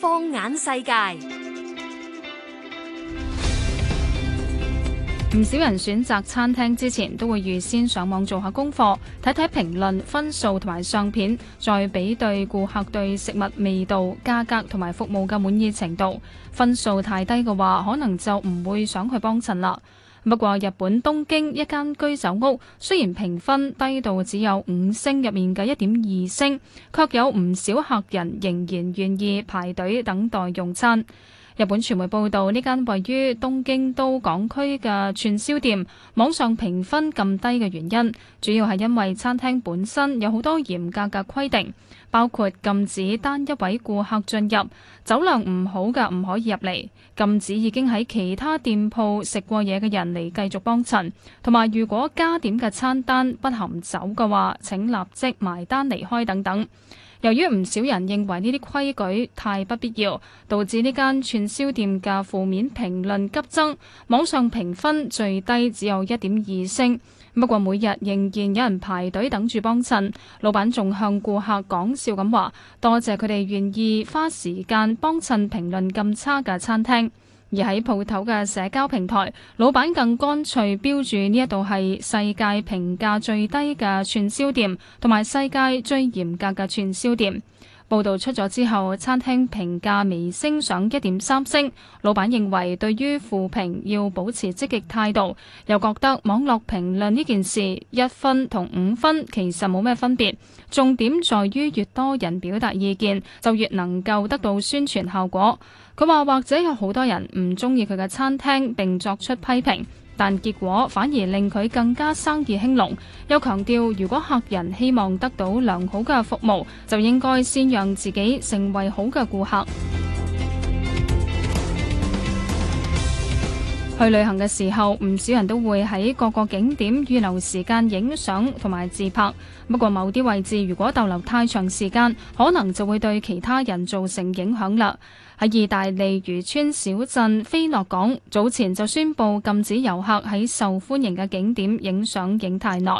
放眼世界，唔少人選擇餐廳之前都會預先上網做下功課，睇睇評論、分數同埋相片，再比對顧客對食物味道、價格同埋服務嘅滿意程度。分數太低嘅話，可能就唔會想去幫襯啦。不過，日本東京一間居酒屋雖然評分低到只有五星入面嘅一點二星，卻有唔少客人仍然願意排隊等待用餐。日本傳媒報道，呢間位於東京都港區嘅串燒店網上評分咁低嘅原因，主要係因為餐廳本身有好多嚴格嘅規定，包括禁止單一位顧客進入，酒量唔好嘅唔可以入嚟，禁止已經喺其他店鋪食過嘢嘅人嚟繼續幫襯，同埋如果加點嘅餐單不含酒嘅話，請立即埋單離開等等。由於唔少人認為呢啲規矩太不必要，導致呢間串燒店嘅負面評論急增，網上評分最低只有一點二星。不過每日仍然有人排隊等住幫襯，老闆仲向顧客講笑咁話：多謝佢哋願意花時間幫襯評論咁差嘅餐廳。而喺鋪頭嘅社交平台，老闆更乾脆標註呢一度係世界評價最低嘅串燒店，同埋世界最嚴格嘅串燒店。報道出咗之後，餐廳評價微升上一點三星。老闆認為對於負評要保持積極態度，又覺得網絡評論呢件事一分同五分其實冇咩分別，重點在於越多人表達意見，就越能夠得到宣傳效果。佢話或者有好多人唔中意佢嘅餐廳，並作出批評。但結果反而令佢更加生意興隆，又強調，如果客人希望得到良好嘅服務，就應該先讓自己成為好嘅顧客。去旅行嘅時候，唔少人都會喺各個景點預留時間影相同埋自拍。不過，某啲位置如果逗留太長時間，可能就會對其他人造成影響啦。喺意大利漁村小鎮菲諾港，早前就宣布禁止遊客喺受歡迎嘅景點影相影太耐。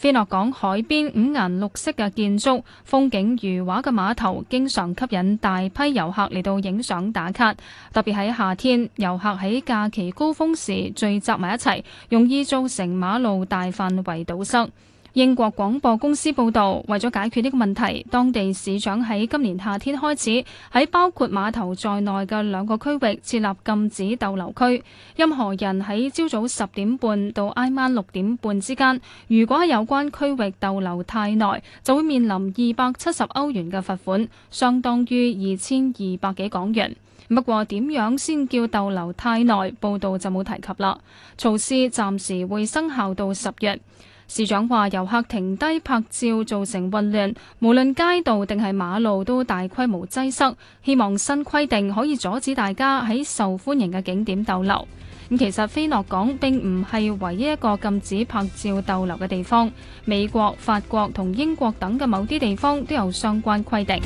菲諾港海邊五顏六色嘅建築、風景如畫嘅碼頭，經常吸引大批遊客嚟到影相打卡。特別喺夏天，遊客喺假期高峰時聚集埋一齊，容易造成馬路大範圍堵塞。英國廣播公司報導，為咗解決呢個問題，當地市長喺今年夏天開始喺包括碼頭在內嘅兩個區域設立禁止逗留區。任何人喺朝早十點半到挨晚六點半之間，如果喺有關區域逗留太耐，就會面臨二百七十歐元嘅罰款，相當於二千二百幾港元。不過，點樣先叫逗留太耐，報導就冇提及啦。措施暫時會生效到十月。市長話：遊客停低拍照造成混亂，無論街道定係馬路都大規模擠塞。希望新規定可以阻止大家喺受歡迎嘅景點逗留。咁其實菲諾港並唔係唯一一個禁止拍照逗留嘅地方，美國、法國同英國等嘅某啲地方都有相關規定。